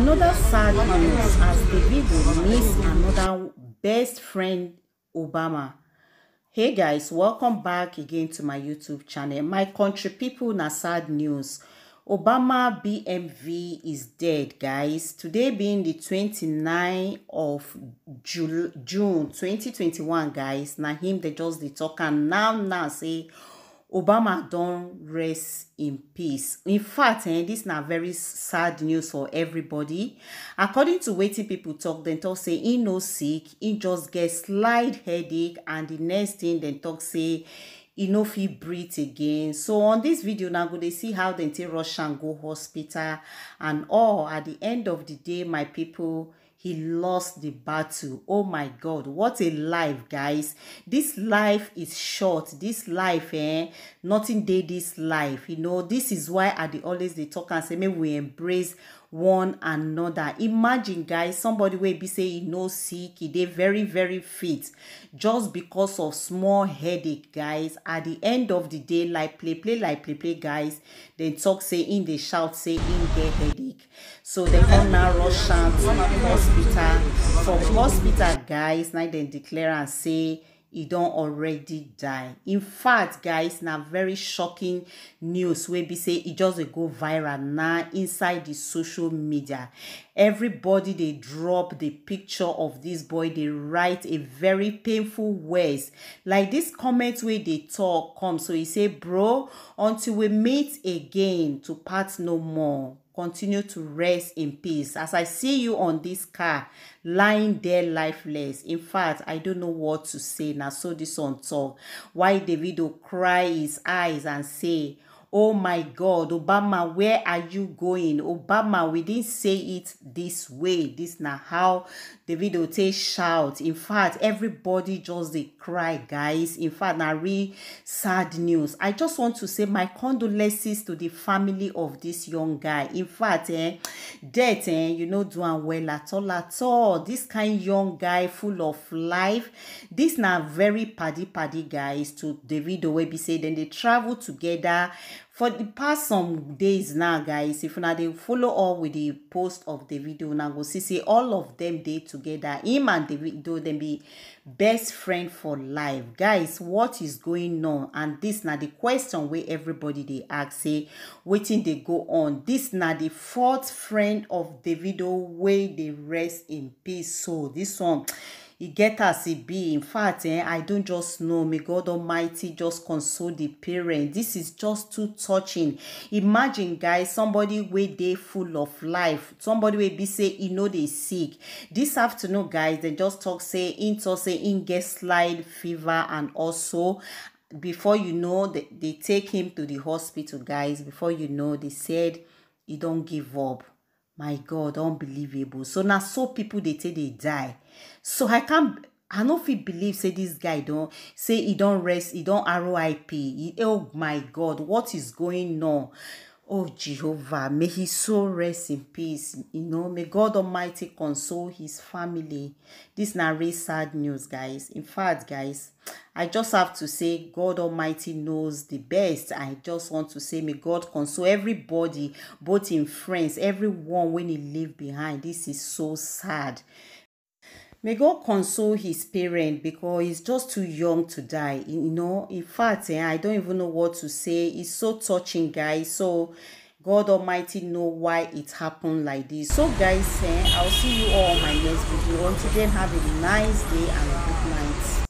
Another sad news as Davido meets another best friend Obama. Hey guys, welcome back again to my YouTube channel. My country people na sad news. Obama BMV is dead, guys. Today being the 29 of Jul June 2021, guys. Na him they just the talk and now now say obama don rest in peace in fact eh, this na very sad news for everybody according to wetin people talk, dem talk say e no sick e just get slight headache and the next thing dem talk say e no fit breathe again so on this video na go dey see how dem take rush am go hospital and all at the end of the day my people he lost the battle. Oh my God, what a life, guys. This life is short. This life, eh? Nothing day this life. You know, this is why I the always they talk and say, maybe we embrace one another. Imagine, guys, somebody will be saying no sick, they very, very fit just because of small headache, guys. At the end of the day, like play, play, like play, play, guys. Then talk, say in, they shout, say in, get headache. So they come now rush am to hospital. From hospital, guys, now they declare and say he don't already die in fact guys now very shocking news Where we say it e just go viral now inside the social media everybody they drop the picture of this boy They write a very painful words like this comment where they talk come so he say bro until we meet again to part no more continue to rest in peace. As I see you on this car, lying there lifeless. In fact, I don't know what to say. Now, so this on top. Why Davido cry his eyes and say, Oh my God, Obama, where are you going? Obama, we didn't say it this way. This now how the video take shout. In fact, everybody just they cry, guys. In fact, now real sad news. I just want to say my condolences to the family of this young guy. In fact, eh, death, eh, you know, doing well at all at all. This kind young guy full of life. This now very paddy paddy guys to Davido where e be say then they travel together for the past some days now guys if una dey follow up with the post of davido una go see say all of them dey together him and davido dem be best friend for life guys what is going on and this na the question wey everybody dey ask say wetin dey go on this na the fourth friend of davido wey dey rest in peace so this one e get as e be in fact eh, i don just know may god almighty just console the parent this is just too touching imagine guys somebody wey dey full of life somebody wey be say e no dey sick this afternoon guys dem just talk say im talk say im get slight fever and also before you know they, they take him to the hospital guys before you know they said he don't give up my god unbelievable so na so people dey take dey die so i can't i no fit believe say this guy don say he don rest e don rip oh my god what is going on Oh Jehovah, may his soul rest in peace. You know, may God Almighty console his family. This na really sad news, guys. In fact, guys, I just have to say God Almighty knows the best. I just want to say may God console everybody, both in friends, everyone when he leave behind. This is so sad. May God console his parent because he's just too young to die. You know, in fact, eh, I don't even know what to say. It's so touching, guys. So God Almighty know why it happened like this. So guys, eh, I'll see you all on my next video. Until then, have a nice day and a good night.